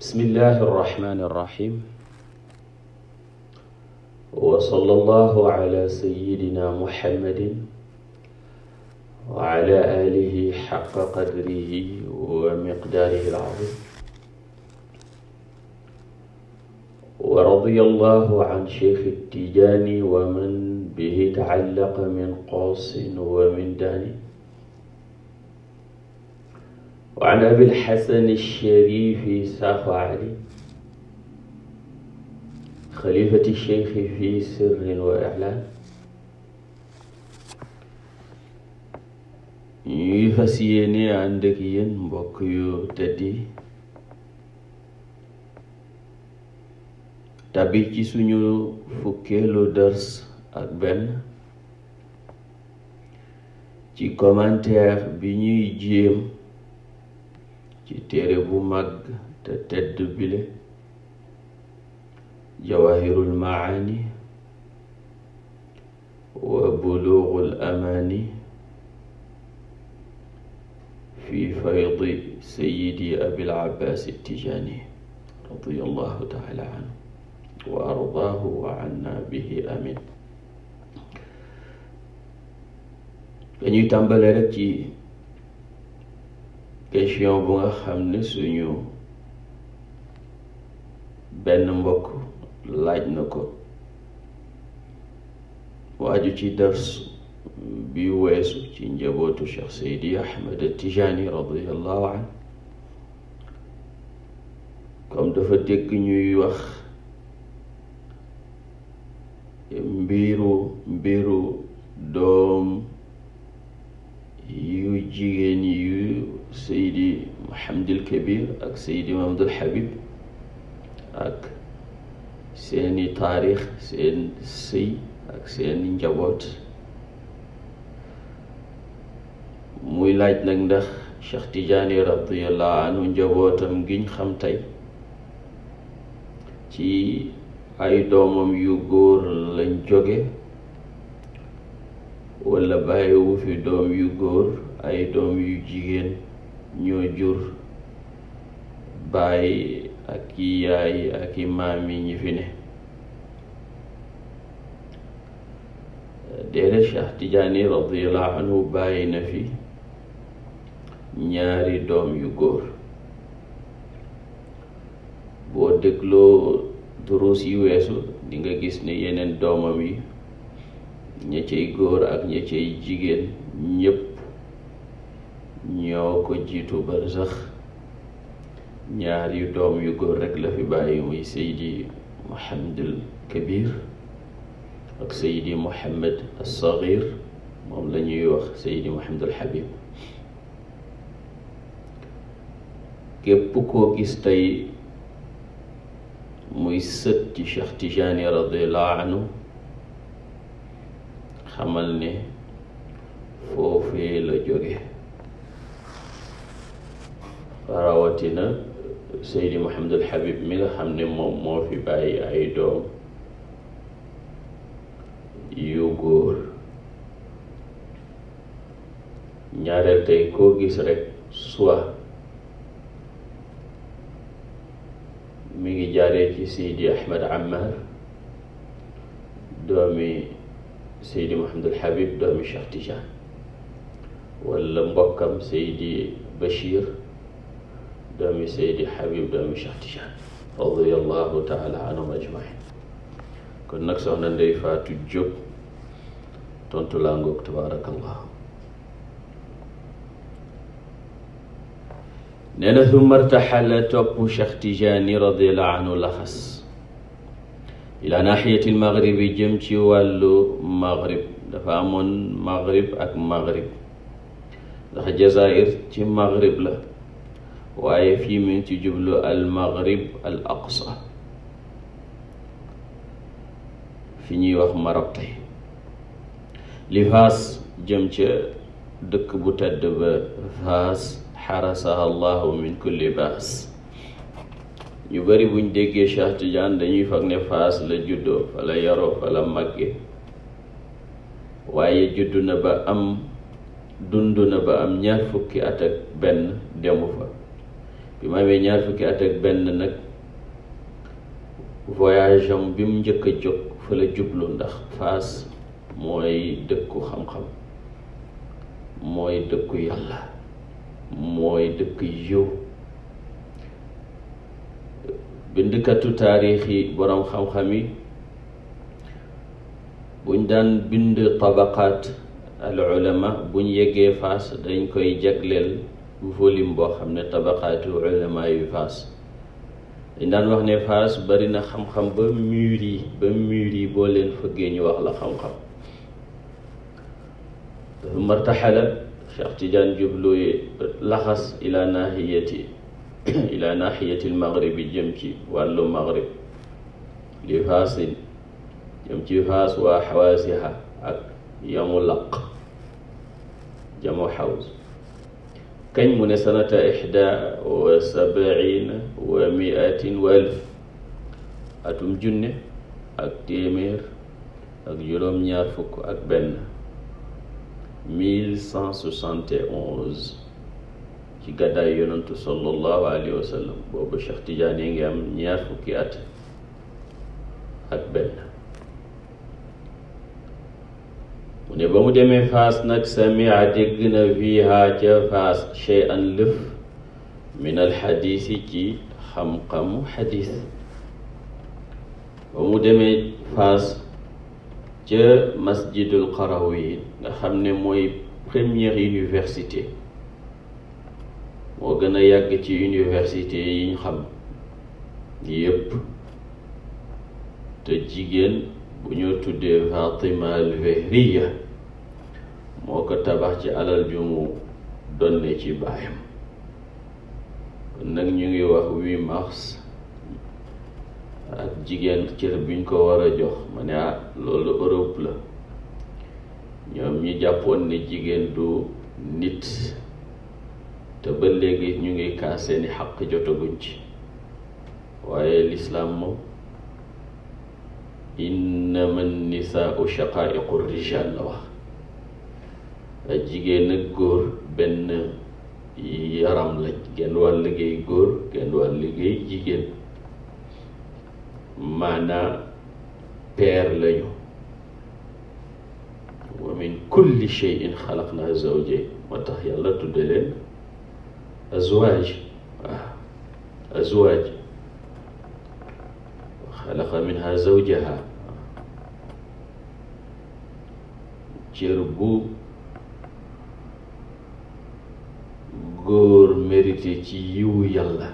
بسم الله الرحمن الرحيم وصلى الله على سيدنا محمد وعلى آله حق قدره ومقداره العظيم ورضي الله عن شيخ التجاني ومن به تعلق من قوس ومن داني وعن أبي الحسن الشريف صفعلي خليفة الشيخ في سر وإعلان ñuy fas yéene ànd ak yéen mbokk yu tëddi tabi ci suñu fukkeelu dars ak benn ci commentaire bi ñuy jéem ci téere bu mag te tedd bile jawahirul maani wa buluugul amani fi faydi sayidi abil abbaas tijaani radiyallahu taala anhu wa ardaahu wa anna bihi amin dañuy tàmbale rek ci question bu nga xam ne suñu benn mbokk laaj na ko waaju ci dars bi weesu ci njabootu Cheikh Seydi Ahmed Tijani radiallahu an comme dafa dégg ñuy wax mbiru mbiru doom yu jigéen yu سيدي محمد الكبير اك سيدي محمد الحبيب اك سيني تاريخ سين سي اك سيني جابوت موي لاج نك ندخ شيخ تيجاني رضي الله عنه جابوتم غين خم تاي تي اي دومم يو غور لن جوغي ولا بايو في دوم يو غور اي دوم يو جيجين ñoo jur baay ak i yaay ak i maam yi ñi fi ne déedéet Cheikh Tidiane radiallahu anhu bàyyi na fi ñaari doom yu góor boo dégloo duruus yi weesu di nga gis ne yeneen doomam yi ña cay góor ak ña cay jigéen ñoo ko jiitu barzax yu doom yu góor rek la fi bàyyi muy seydi al kabir ak seydi mohammad alsaghir moom la ñuy wax seydi al habib képp koo gis tey muy sët ci cheikh tijani radiallahu anhu xamal ne foofee la jóge rawati na rawatina Seydi al Habib mi nga xamne mom mo fi baye ay doom yu góor ñaareel tay ko gis rek soit mi ngi jare ci Seydi Ahmed Ammar doomi Seydi Mouhamadul Habib doomi Cheikh Tidiane walla mbokkam Seydi Bachir doomi Seydi Habib doomi Cheikh Tidiane radiyallahu taala anhum ajmain kon nag soxna Ndey Faatu Jóob tontu laa ngoog tabaarakallah nee na summa irtaxala topp Cheikh Tidiane radiyallahu anhu laxas ila naxiyati lmagribi jëm ci wàllu maghrib dafa amoon maghrib ak maghrib ndax jazair ci maghrib la waaye fii mu ci jublu al maghrib al aqsa fi ñuy wax Maroc tey li faas jëm ca dëkk bu tedd ba faas xarasaha allahu min kulli baas ñu bari buñ déggee Cheikh Tidiane dañuy fag ne faas la juddoo fa la yaroo fa la màgge waaye juddu na ba am dund na ba am ñaar fukki at benn demu fa bi ma amee ñaar fukki at ak benn nag voyage am bi mu njëkk a fa la jublu ndax Faas mooy dëkku xam-xam moy dëkku yàlla moy dëkk yiw bind taarix yi boroom xam-xam yi buñ dan bind tabaqat al ulama buñ yegge fas dañ koy jagleel volume boo xam ne tabaqaatu ulama yu Fass dañ daan wax ne Fass bari na xam-xam ba mur yi ba mur yi boo leen fëggee ñu wax la xam-xam martaxala Cheikh Tidiane jublu laxas ila nahiyati ila nahiyati almaghribi jëm ci wàllu maghrib li Faasin jëm ci Faas waa xawaasiha ak yamu jamu xaws كان مناسنة إحدى وسبعين ومائة والف أتم جنة أكتمير أكجروم نيافوك أكبن 1171 في غدا يونت صلى الله عليه وسلم بوبو شيخ تجاني نيام نيار فوكي ات اك بن نبو دمي فاس نك سمي عدقنا فيها جفاس شيئا لف من الحديث جي خمقم حديث بو دمي فاس جا مسجد القراوين نخمنا موي بريمير يونيورسيتي وغنا يكي تي يونيورسيتي ينخم يب تجيجين بنيو تدي فاطمة الفهرية moo ko tabax ci alal ju mu donne ci baayam kon nag ñu ngi wax wii mars ak jigéen cër biñ ko war a jox ma ne ah, loolu Europe la ñoom ñi jàppoon ni jigéen du nit te ba léegi ñu ngi kaas seeni xaq jotaguñ ci waaye lislaam moom innama nisaau shaqaiqu rijal la wax jigéen ak góor benn yaram la genn wàll liggéey góor genn wàll liggéey jigéen maanaa peer lañu wa min kulli shay'in xalaqna zawjay moo tax yàlla tudde leen azwaaj waaw azwaaj wa xalaqa minha zawjaha cër bu góor mérité ci yiwu yàlla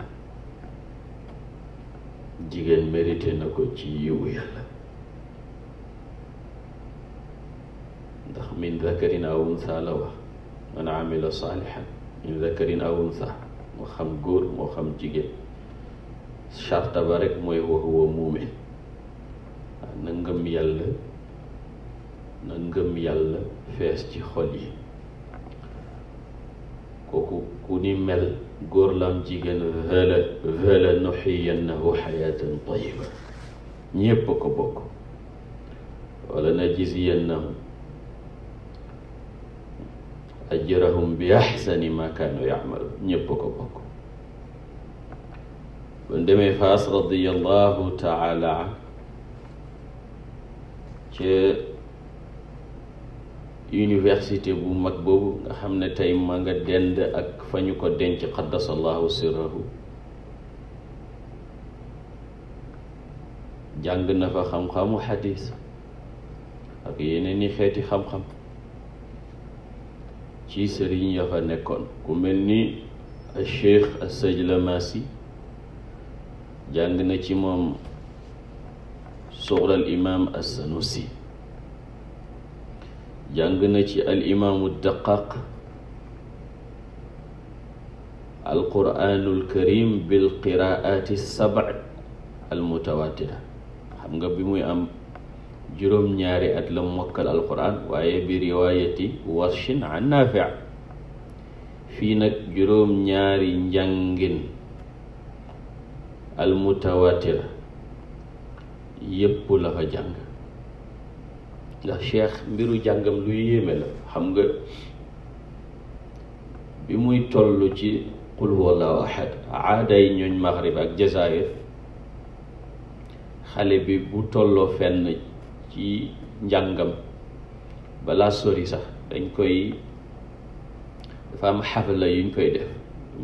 jigéen mérité na ko ci yiwu yàlla ndax min zakarin aw unsa la wax man amila saalihan min zakarin aw unsa moo xam góor moo xam jigéen charta ba rek mooy wa huwa muumin na ngëm yàlla na ngëm yàlla fees ci xol yi kooku كوني مل غور لام جيغن هلا هلا نحيينه حياة طيبة نيبوك بوك ولا نجزينهم أجرهم بأحسن ما كانوا يعملون نيبوك بوك وندمي فاس رضي الله تعالى université bu mag bobu nga xamne tay ma nga dend ak fañu ko denc allah sirrahu jàng na fa xam-xamu hadith ak yeneen i xam-xam ci serigne ya fa nekkon ku mel ni cheikh as-Sajlamasi jàng na ci moom imam as-Sanusi jàng na ci al imaamu daqaq al quraanul karim bil qiraati sab' al mutawatira xam nga bi muy am juróom ñaari at la mokkal al quraan waaye bi riwaayati warshin an naafi' fii nag juróom ñaari njàngin al mutawatira yépp la fa jàng ndax cheikh mbiru jàngam luy yéeme la xam nga bi muy toll ci qul allahu ahad aaday ñooñ maghrib ak jazair xale bi bu tolloo fenn ci njàngam balaa sori sax dañ koy dafa am xafla yuñ koy def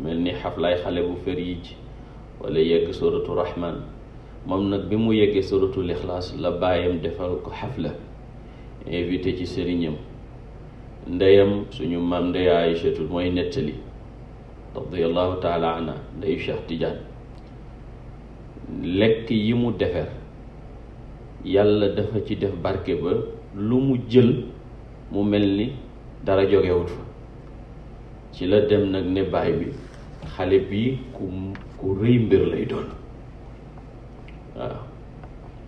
mel ni xaflaay xale bu fer yi ci wala yegg suratu rahman moom nag bi mu yeggee suratul ixlaas la bàyyam defal ko xafla invité ci sëriñam ndeyam suñu maam ndey Aïchatul mooy nettali radiallahu taala anha ndeyu Cheikh Tidiane lekk yi mu defer yàlla dafa ci def barke ba lu mu jël mu mel ni dara jógewut fa ci la dem nag ne baay bi xale bi ku ku rëy mbir lay doon waaw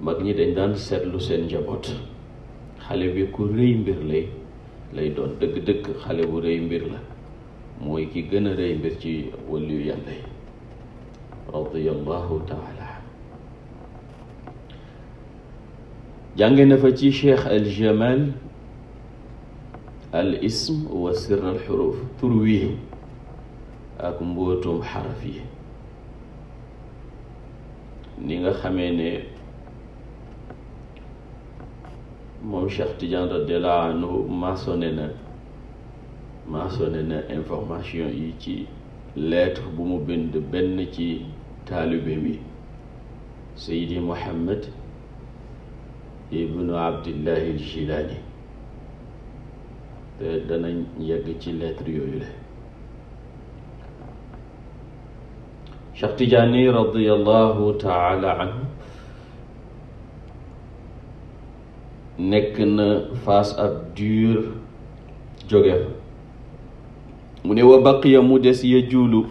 mag ñi dañ daan seetlu seen njaboot xale bi ku rëy mbir lay lay doon dëgg-dëgg xale bu rëy mbir la mooy ki gën a rëy mbir ci wëllu yàlla yi radiallahu taala jànge na fa ci cheikh al jamal al ism wa sir al xuruf tur wii ak mbootum xaraf yi ni nga xamee ne moom Cheikh Tidiane radiyallahu anhu maçonné na maçonné na information yi ci lettre bu mu bind benn ci taalibe bi Seydi Mohammed ibn Abdillahi al-Jilani te danañ yegg ci lettre yooyu la Cheikh Tidiane radiyallahu taala anhu nekk na fas ab dur jóge fa mu ne wa baqiya mu des ya juulu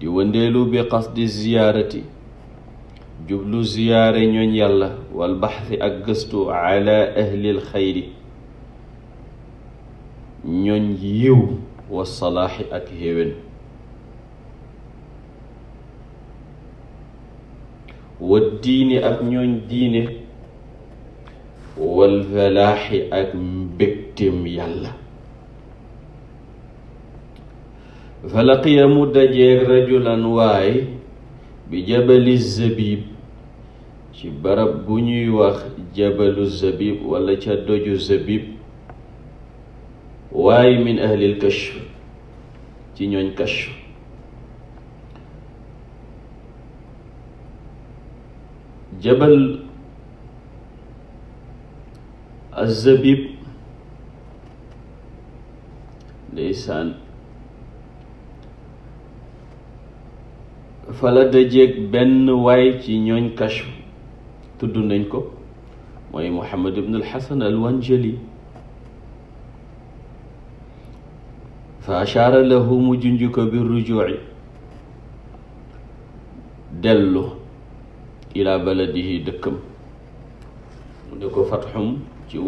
di wëndeelu bi qasdi ziyaarati jublu ziyaare ñooñ yàlla wal ak gëstu ala ahlil xayri ñooñ yiw wa salaaxi ak héwén wa diini ak ñooñ diine wal falaaxi ak mbégtem yàlla falaqiya mu dajeeg rajulan waay bi jabali zabib ci barab bu ñuy wax jabalu zabib wala ca doju zabib waay min ahlil kashf ci ñooñ kashf jabal الزبيب ليسان فلا دجيك بن واي تي نيون كاشو تودو نانكو موي محمد بن الحسن الوانجلي فاشار له مجنجكو بالرجوع دلو الى بلده دكم ديكو فتحهم ci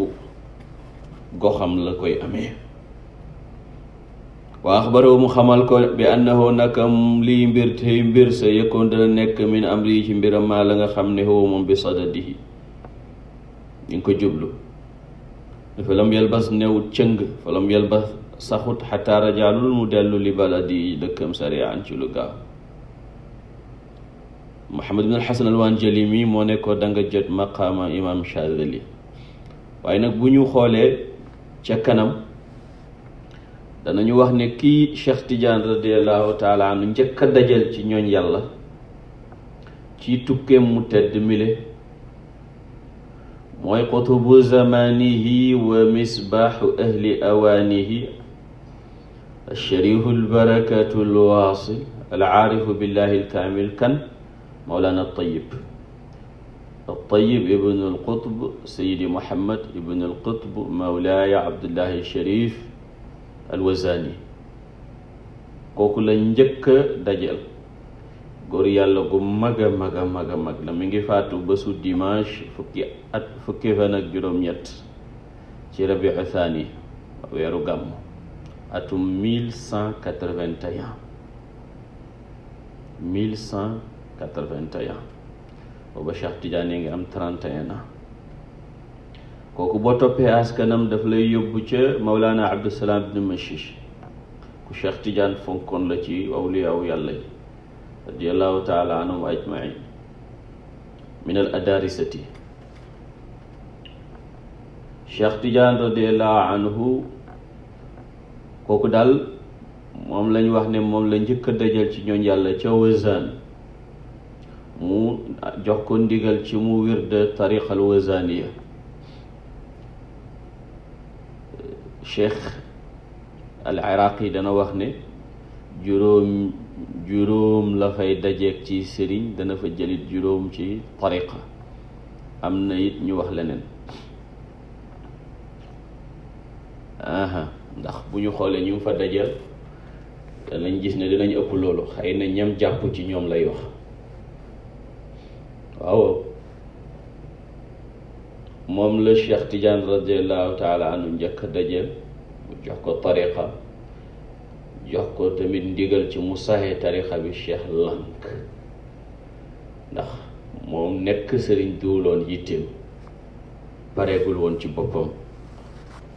goxam la koy amee wa axbarahu mu xamal ko bi amri ci mbiram maa la nga xam ne huwa moom bi sadadihi ñu ngi ko jublu dafa lam Muhammad bin al Xasan al Wanjali mi moo ne ko danga jot maqaama imam Chazali waye nak buñu xolé ci ca kanam danañu wax ne ki Cheikh Tidiane radiallahu taala nu jëk a dajal ci ñooñ yàlla ci tukke mu tedd mile moy qutubu zamanihi wa misbah ahli awanihi الشريف البركة الواصل العارف بالله الكامل كان مولانا الطيب الطيب ابن القطب سيدي محمد ابن القطب مولاي عبد الله الشريف الوزاني كوكو لا نجك داجال غور يالا غو ماغا ماغا ماغا ماغ لا ميغي فاتو بسو ديماش فكي ات فكي فانا جيروم نيت سي ربيع الثاني ويرو غام اتو 1181 1181 booba Cheikh ngi am 31 ans kooku daf lay yóbbu ca Mawlana Abdusalaam ibn la ci awliyaaw yàlla kooku daal moom lañ wax ne moom la njëkk a dajal ci ñooñ yàlla ca Wazan mu jox ko ndigal ci mu wirde tariqa al wazaniya cheikh al iraqi dana wax ne juróom juróom la fay dajeeg ci sëriñ dana fa jëlit juróom ci tariqa am na it ñu wax leneen aha ndax bu ñu xoolee ñu fa dajal danañ gis ne dinañ ëpp loolu xëy na ñam jàpp ci ñoom lay wax أو موم لا شيخ تيجان رضي الله تعالى عنه جاك دجال جاكو طريقة جاكو تمين ديغل تي مساهي طريقة بالشيخ لانك نخ موم نك سرين دولون يتم باريغول وون تي بوبام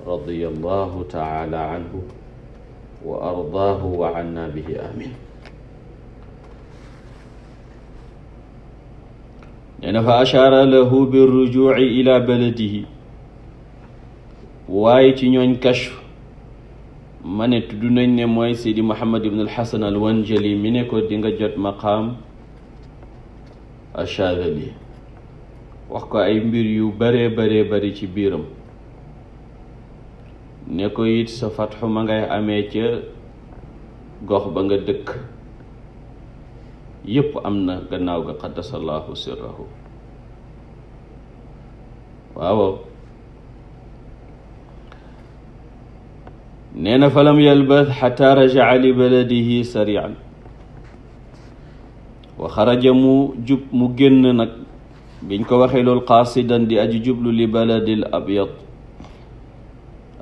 رضي الله تعالى عنه وارضاه وعنا به امين يعني فأشار له بالرجوع إلى بلده وايت نيون كشف من تدنين نموي سيدي محمد بن الحسن الوانجلي من دينغا جات مقام أشار لي أي مبير يو بري بري بري چي بيرم نيكو يت سفتح مانغاي أميتي غوخ بانغا دك يب أمنا غناوغا قدس الله سره واو نينا فلم يلبث حتى رجع لبلده سريعا وخرج مو جب مجننك بين كوخيل القاصدا دي أجي جبل لبلد الأبيض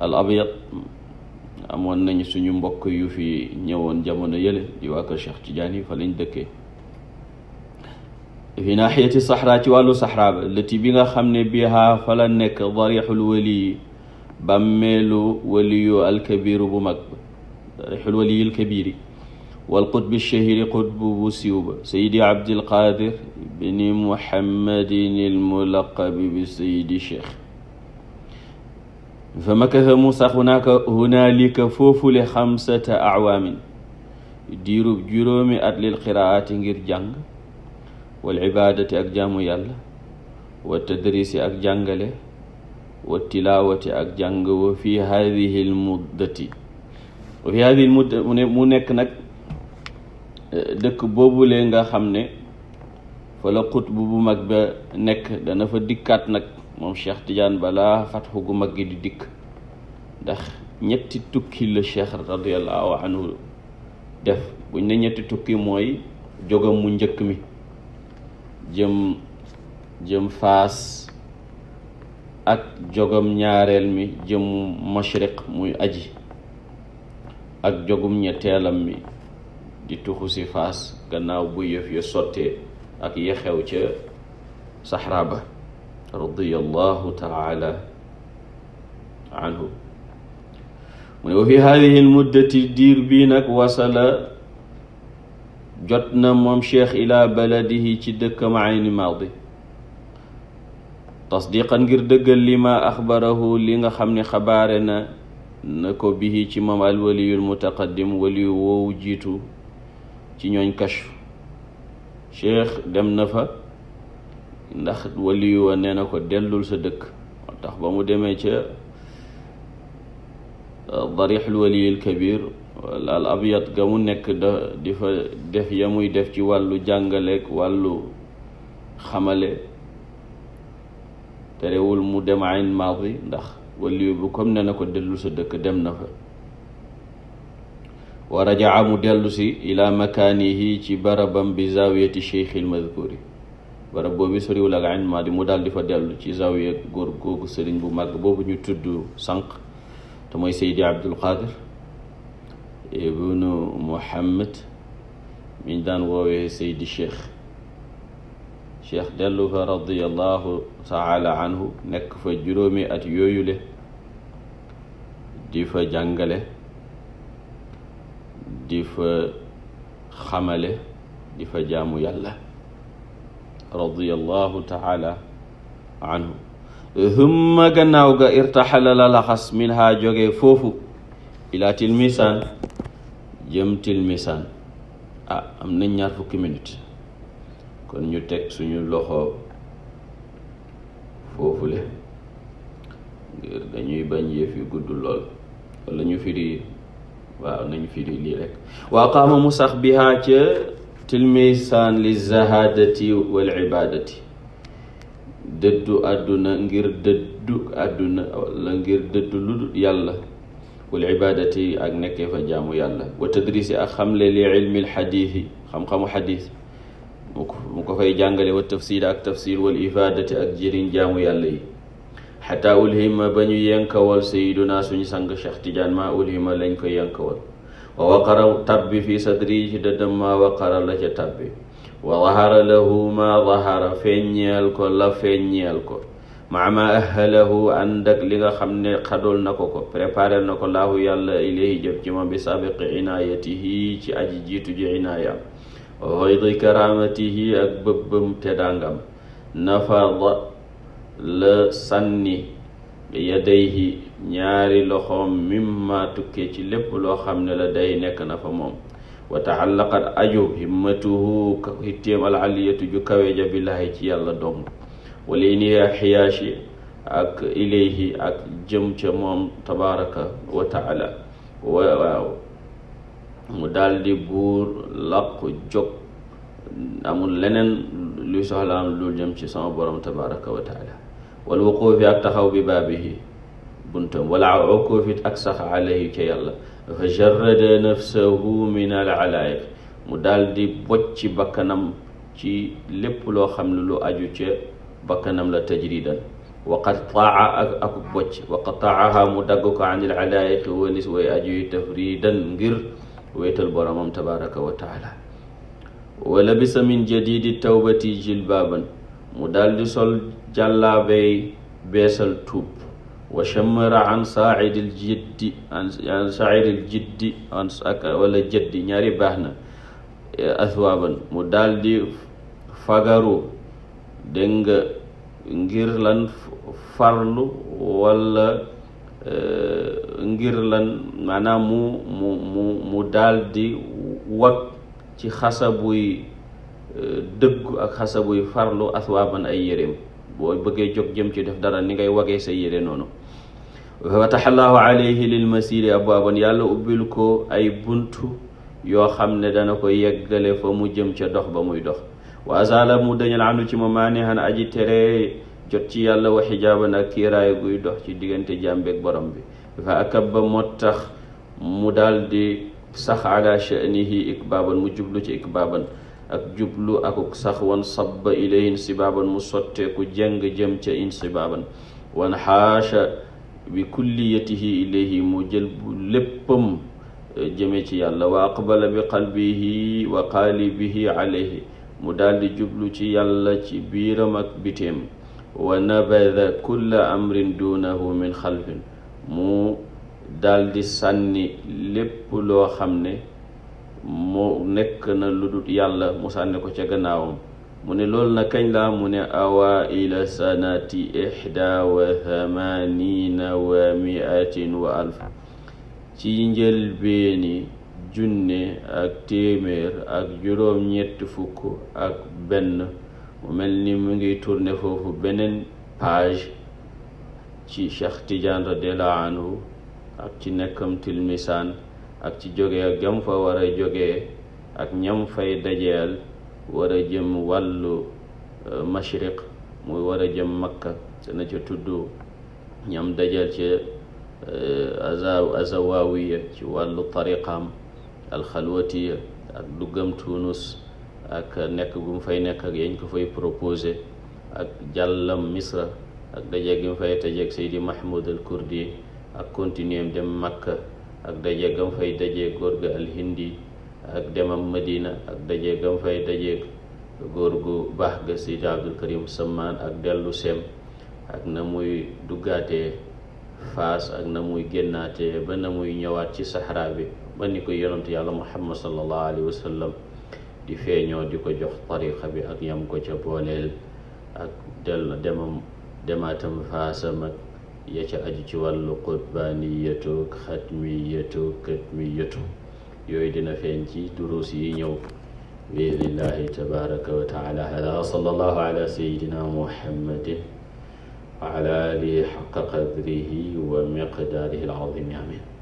الأبيض أمون نيني سنيو مبوك يوفي نيوان جامونا يلي ديواكا شيخ تجاني فلين دكي fi naaxiyati saxraa ci wàllu saxraa ba lëti bi nga xam ne bihaa fa la nekk darixul waliyi bàmmeelu waliyu alkabiru bu mag ba darixul waliyi alkabiri والقطب الشهير قطب بوسيوبة سيدي عبد القادر بن محمد الملقب بسيد الشيخ فمكث موسى هناك هنالك فوفل خمسة أعوام ديرب جرومي أتل القراءات غير جنگ والعبادة أكجام يلا والتدريس أكجانجلي والتلاوة أكجانج وفي هذه المدة وفي هذه المدة منك نك دك بوبو لينغا خمني فلا قط بوبو مكبا نك دانا فدكات نك مم شيخ تجان بلا فتح حكومك دي ديك دخ نيت توكي الشيخ رضي الله عنه def buñ ne ñetti tukki moy jogam jëm jëm faas ak jogam ñaareel mi jëm mashriq muy aji ak jogum ñetteelam mi di tuxu si faas gannaaw bu yëf ya sottee ak ya xew ca saxraa ba radiyallahu taala anhu mu ne wa fi hadihi almuddati diir bii nag wasala جاتنا موم شيخ الى بلده تي معين ماضي تصديقا غير دغل لما اخبره ليغا خامني خبارنا نكو به تي الولي المتقدم ولي وو جيتو كشف شيخ دم نفا نخد ولي وننا كو ko delul sa dekk tax ba mu deme al abyat ga mu nekk da di fa def ya muy def ci wàllu jàngaleek wàllu xamale terewul mu dem ayn maadi ndax waliyu bu comme ne na ko dellu sa dëkk dem na fa wa rajaa mu dellusi si ila makaanihi ci barabam bi zawiyati cheikhil madkuri barab boobu soriwul ak ayn maadi mu daal di fa dellu ci zawiya góor googu sëriñ bu màgg boobu ñu tudd sànq te mooy seydi abdul qadir ibnu muhammad miñ daan woowee saydi cheikh cheikh dellu fa radiallahu taala anhu nekk fa juróomi at yooyule di fa jàngale di fa xamale di fa jaamu yàlla radiallahu taala anhu humma gannaaw ga irtaxala la laxas min haa jógee foofu ilaa tilmisaan jëmtil misan ah am nañ ñaar fukki minute kon ñu tek suñu loxo fofu le ngir dañuy bañ yëf yu gudd lool wala ñu firi waaw nañu firi li rek wa qama musakh biha bihaa ca tilmisaan li zahadati wal ibadati dëddu aduna ngir dëddu aduna wala ngir dëddu lu yàlla والعبادة أجنك كيف جام يلا وتدريس أخم لعلم الحديث خم خم حديث مكفي جانجلي والتفسير أك تفسير والإفادة أجرين جام يلا حتى أولهم بني ينكول سيدنا سني سانك شخت جان ما أولهم لينك ينكول ووقر تبي في صدري ددم ما وقر لك تبي وظهر له ما ظهر فيني الكل فيني maama ahlahu ànd ak li nga xam ne xadool na ko ko préparé na ko laahu yàlla ilayhi jëm ci moom bi sabiqi inaayatihi ci aji jiitu ji inaayam hoydi karamatihi ak bëbbam te dàngam nafada la sànni yadayhi ñaari loxoom mimma tukkee ci lépp loo xam ne la day nekk na fa moom wa taxallaqat aju himmatuhu hittéem al aliyatu ju kawe ja billaahi ci yàlla dong وليني حياشي أك إليه أك جمج مام تبارك وتعالى ومدال دي بور لق جوك أمون لنن لوسو حلام لول جمج سام بورم تبارك وتعالى والوقوف يأتخو ببابه بنتم ولا عقوف يتأكسخ عليه كي الله فجرد نفسه من العلائق مدال دي بوچي بكنم چي لپلو خملو لو أجو چه bakkanam la tajridan wa qataa ak ak bocc wa qataaha mu dagg ko anil alaayiqi walis way ajuy tafridan ngir wéetal boromam tabaraka wa taala wa labisa min jadidi tawbati jilbaaban mu daldi sol jàllaabey beesal tuub wa shammara an saaidil jiddi an saaidil jiddi an ak wala jaddi ñaari baax na athwaaban mu daldi fagaru dégg nga ngir lan farlu wala euh, ngir lan maanaam mu mu mu mu daal di wag ci xasabuy euh, dëggu ak xasabuy farlu aswaaban ay yéreem boo bëggee jóg jëm ci def dara ni ngay wagee sa yére noonu fataxallaahu alayhi lil masiri abwaaban yàlla ubbil ko ay bunt yoo xam ne dana ko yeggale fa mu jëm ca dox ba muy dox وازال مودن يلعنو تي موماني هان اجي تري جوت تي يالا وحجاب ناكي راي غوي دوخ تي ديغنت جامبك بوروم بي فا اكب موتخ مودال دي سخ على شانه اكبابا مجبلو تي اكبابا اك جبلو اكو سخ وان صب اليه انسبابا مسوتكو جنگ جم تي انسبابا وان حاش بكليته اليه مجل لبم جميتي الله واقبل بقلبه وقالبه عليه mu daldi jublu ci yàlla ci biiram ak biteem wa nabada kulla amrin duunahu min xalfin mu daldi sànni lépp loo xam ne mu nekk na lu dut yàlla mu sànni ko ca gannaawam mu ne lool na kañ la mu ne awaila sanati ixda wa thamanina wa miatin wa alf ci njëlbeeni junne ak téeméer ak juróom ñetti fukk ak benn mu mel ni mu ngi tourné foofu beneen page ci Cheikh Tidiane radiallahu anhu ak ci nekkam tilmisaan ak ci jóge ak jam fa war a jógee ak ñam fay dajeel wara a jëm wàllu euh, mashriq muy war a jëm makka dana ca tudd ñam dajeel ci euh, azawaawiya ci wàllu tariqaam alxalwatiya ak duggam Tunis ak nekk gu mu fay nekk ak yañ ko fay proposé ak jàllam Misra ak dajeeg gi mu fay dajeeg Seydi Mahmoud al Kurdi ak continuem dem Makka ak dajeeg gam fay dajeeg góor ga al ak demam Madina ak dajeeg gam fay dajeeg góor gu baax ga Seydi Abdul Karim Samman ak dellu sem ak na muy duggaatee Faas ak na muy génnaatee ba na muy ñëwaat ci saxaraa bi ba ni ko yonent yàlla muhammad sallallahu alayhi wa sallam di feeñoo di ko jox tariqa bi ak yam ko ca booleel ak del demam demaatam faasam ak ya ca aju ci wàllu qutbaaniyatu ak xatmiyatu katmiyatu yooyu dina feeñ ci duruus yi ñëw biidnillahi tabaraka wa taala hada sallallahu ala sayidina muhammadin wa ala alihi xaqa qadrihi wa miqdaarihi al azimi amin